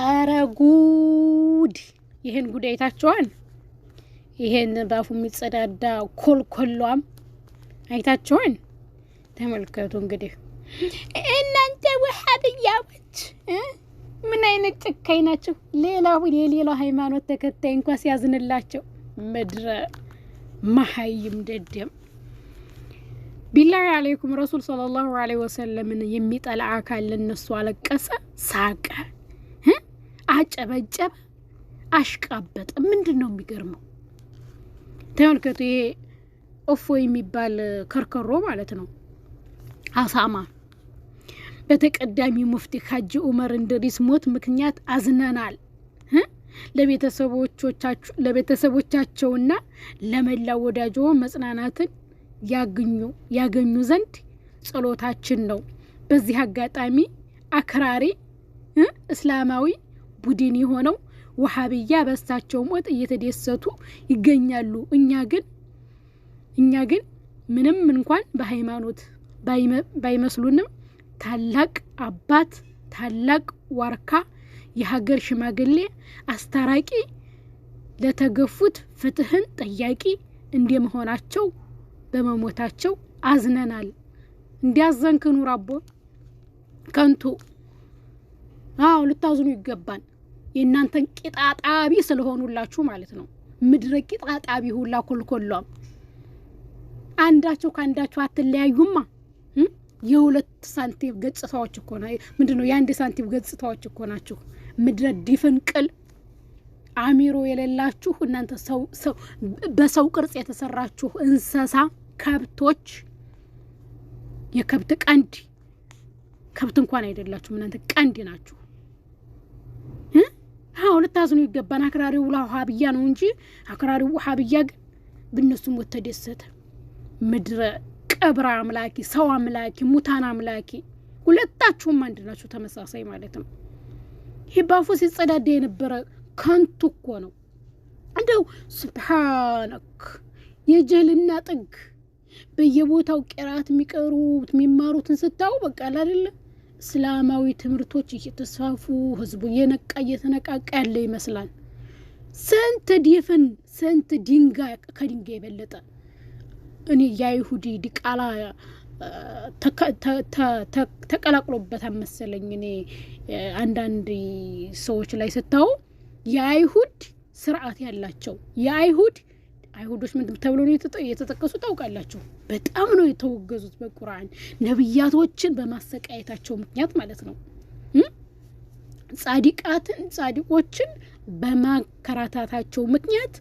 አረ ጉድ! ይህን ጉድ አይታችኋል? ይሄን በአፉ የሚጸዳዳ ኮልኮሏም አይታችኋል? ተመልከቱ እንግዲህ እናንተ ወሃብያዎች ምን አይነት ጨካኝ ናቸው? ሌላው የሌላው ሃይማኖት ተከታይ እንኳ ሲያዝንላቸው ምድረ መሀይም ደደም ቢላሂ አለይኩም ረሱል ሰለላሁ አለይሂ ወሰለምን የሚጠላ አካል ለነሱ አለቀሰ፣ ሳቀ። አጨበጨበ፣ አሽቃበጠ። ምንድን ነው የሚገርመው? ተመልከቱ። ይሄ ኦፎ የሚባል ከርከሮ ማለት ነው አሳማ በተቀዳሚ ሙፍቲ ሀጂ ኡመር እንድሪስ ሞት ምክንያት አዝነናል። ለቤተሰቦቻቸውና ለመላው ወዳጆ መጽናናትን ያገኙ ዘንድ ጸሎታችን ነው። በዚህ አጋጣሚ አክራሪ እስላማዊ ቡድን የሆነው ወሀብያ በሳቸው ሞት እየተደሰቱ ይገኛሉ። እኛ ግን እኛ ግን ምንም እንኳን በሃይማኖት ባይመስሉንም ታላቅ አባት፣ ታላቅ ዋርካ፣ የሀገር ሽማግሌ፣ አስታራቂ፣ ለተገፉት ፍትህን ጠያቂ እንደመሆናቸው በመሞታቸው አዝነናል። እንዲያዘንክ ኑር አቦ ከንቱ። አዎ ልታዝኑ ይገባል። የእናንተን ቂጣጣቢ ስለሆኑላችሁ ማለት ነው። ምድረ ቂጣጣቢ ሁላ ኮልኮሏም አንዳቸው ከአንዳቸው አትለያዩማ። የሁለት ሳንቲም ገጽታዎች እኮ ምንድን ነው? የአንድ ሳንቲም ገጽታዎች እኮ ናችሁ። ምድረ ዲፍንቅል አሚሮ የሌላችሁ እናንተ በሰው ቅርጽ የተሰራችሁ እንስሳ ከብቶች፣ የከብት ቀንድ ከብት እንኳን አይደላችሁም እናንተ ቀንድ ናችሁ። ልታዝኑ ይገባን። አክራሪው ውሃብያ ነው እንጂ አክራሪው ውሃብያ ግን በእነሱም ወተደሰተ ምድረ ቀብር አምላኪ፣ ሰው አምላኪ፣ ሙታን አምላኪ ሁለታችሁም አንድ ናችሁ። ተመሳሳይ ማለት ነው። ይሄ ባፉ ሲጸዳዳ የነበረ ከንቱ እኮ ነው። እንደው ስብሓነክ የጀልና ጥግ በየቦታው ቄራት የሚቀሩት የሚማሩትን ስታው በቃ አይደለም እስላማዊ ትምህርቶች እየተስፋፉ ህዝቡ እየነቃ እየተነቃቀ ያለ ይመስላል። ስንት ዲፍን ስንት ድንጋይ ከድንጋይ የበለጠ እኔ የአይሁድ ዲቃላ ተቀላቅሎበታል መሰለኝ። እኔ አንዳንድ ሰዎች ላይ ስታው የአይሁድ ስርዓት ያላቸው የአይሁድ አይሁዶች ምንድን ተብሎ ነው የተጠቀሱ ታውቃላችሁ። በጣም ነው የተወገዙት በቁርአን ነብያቶችን በማሰቃየታቸው ምክንያት ማለት ነው። ጻዲቃትን ጻዲቆችን በማከራታታቸው ምክንያት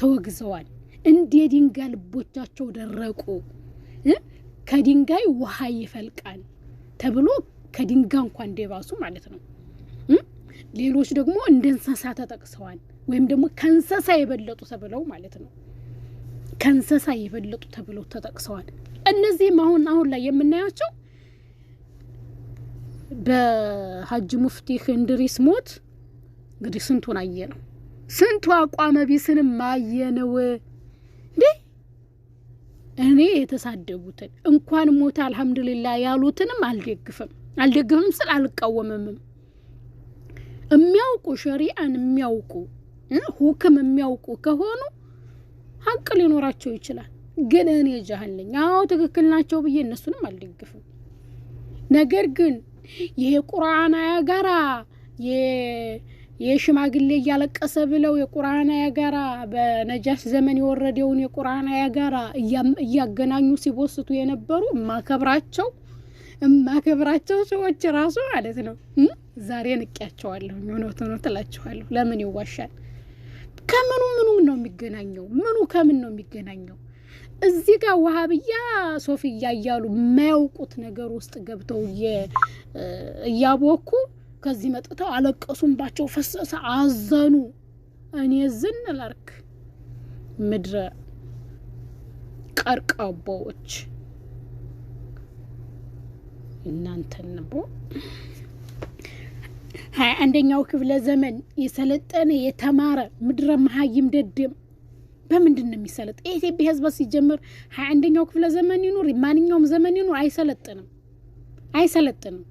ተወግዘዋል። እንደ ድንጋይ ልቦቻቸው ደረቁ። ከድንጋይ ውሃ ይፈልቃል ተብሎ ከድንጋይ እንኳን እንደባሱ ማለት ነው። ሌሎች ደግሞ እንደ እንስሳ ተጠቅሰዋል ወይም ደግሞ ከእንስሳ የበለጡ ተብለው ማለት ነው። ከእንስሳ የበለጡ ተብሎ ተጠቅሰዋል። እነዚህም አሁን አሁን ላይ የምናያቸው በሀጅ ሙፍቲ እንድሪስ ሞት እንግዲህ ስንቱን አየ ነው ስንቱ አቋመ ቢስንም ማየ ነው እንዴ እኔ የተሳደቡትን እንኳን ሞተ አልሐምዱሊላ ያሉትንም አልደግፍም አልደግፍም ስል አልቃወምምም የሚያውቁ ሸሪአን የሚያውቁ ሁክም የሚያውቁ ከሆኑ ሀቅ ሊኖራቸው ይችላል። ግን እኔ ነኝ። አዎ ትክክል ናቸው ብዬ እነሱንም አልደግፍም። ነገር ግን ይሄ ቁርአን አያ ጋራ የሽማግሌ እያለቀሰ ብለው የቁርአን አያ ጋራ በነጃሽ ዘመን የወረደውን የቁርአን አያ ጋራ እያገናኙ ሲቦስቱ የነበሩ እማከብራቸው እማከብራቸው ሰዎች ራሱ ማለት ነው ዛሬ ንቄያቸዋለሁ። የሆነ ትኖ ትላቸዋለሁ። ለምን ይዋሻል? ከምኑ ምኑ ነው የሚገናኘው? ምኑ ከምን ነው የሚገናኘው? እዚህ ጋር ውሃብያ ሶፍያ እያሉ የማያውቁት ነገር ውስጥ ገብተው እያቦኩ ከዚህ መጥተው አለቀሱምባቸው ፈሰሰ፣ አዘኑ። እኔ ዝን ላርክ ምድረ ቀርቃቦዎች እናንተን ቦ ሀያ አንደኛው ክፍለ ዘመን የሰለጠነ የተማረ ምድረ መሀይም ደድም በምንድን ነው የሚሰለጥ? የኢትዮጵያ ህዝብ ሲጀምር ሀያ አንደኛው ክፍለ ዘመን ይኑር ማንኛውም ዘመን ይኑር አይሰለጥንም፣ አይሰለጥንም።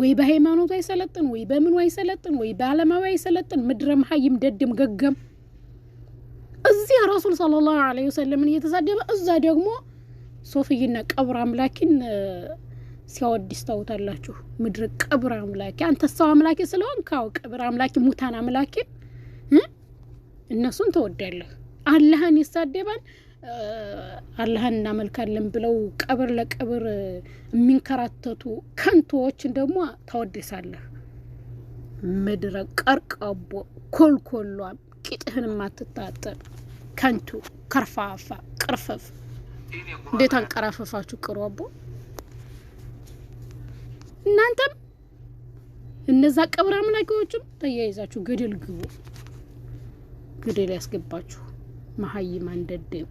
ወይ በሃይማኖቱ አይሰለጥን፣ ወይ በምኑ አይሰለጥን፣ ወይ በአለማዊ አይሰለጥን። ምድረ መሀይም ደድም ገገም እዚህ ረሱል ሰለላሁ ዐለይሂ ወሰለምን እየተሳደበ እዛ ደግሞ ሶፍይና ቀብር አምላኪን ሲያወድስ ታውታላችሁ። ምድር ቅብር አምላኪ አንተ ሰው አምላኬ ስለሆን ካው ቅብር አምላኬ፣ ሙታን አምላኪ እነሱን ተወዳለህ። አላህን ይሳደባን አላህን እናመልካለን ብለው ቀብር ለቀብር የሚንከራተቱ ከንቶዎችን ደግሞ ታወድሳለህ። ምድረ ቀርቀቦ ኮልኮሏም ቂጥህን ማትታጠብ ከንቱ ከርፋፋ ቅርፈፍ እንዴት አንቀራፈፋችሁ ቅሮቦ እናንተም እነዛ ቀብር አምላኪዎችም ተያይዛችሁ ገደል ግቡ። ገደል ያስገባችሁ መሀይም አንደደም